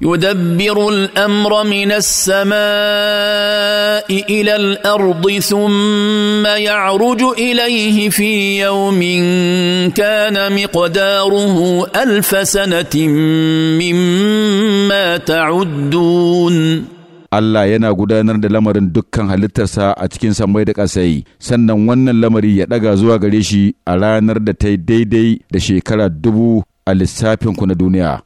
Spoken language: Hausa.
يدبر الامر من السماء الى الارض ثم يعرج اليه في يوم كان مقداره الف سنه مما تعدون Allah yana gudanar da lamarin dukkan halittarsa a cikin sammai da ƙasai, sannan wannan lamari ya ɗaga zuwa gare shi a ranar da ta daidai da shekara dubu a lissafinku na duniya.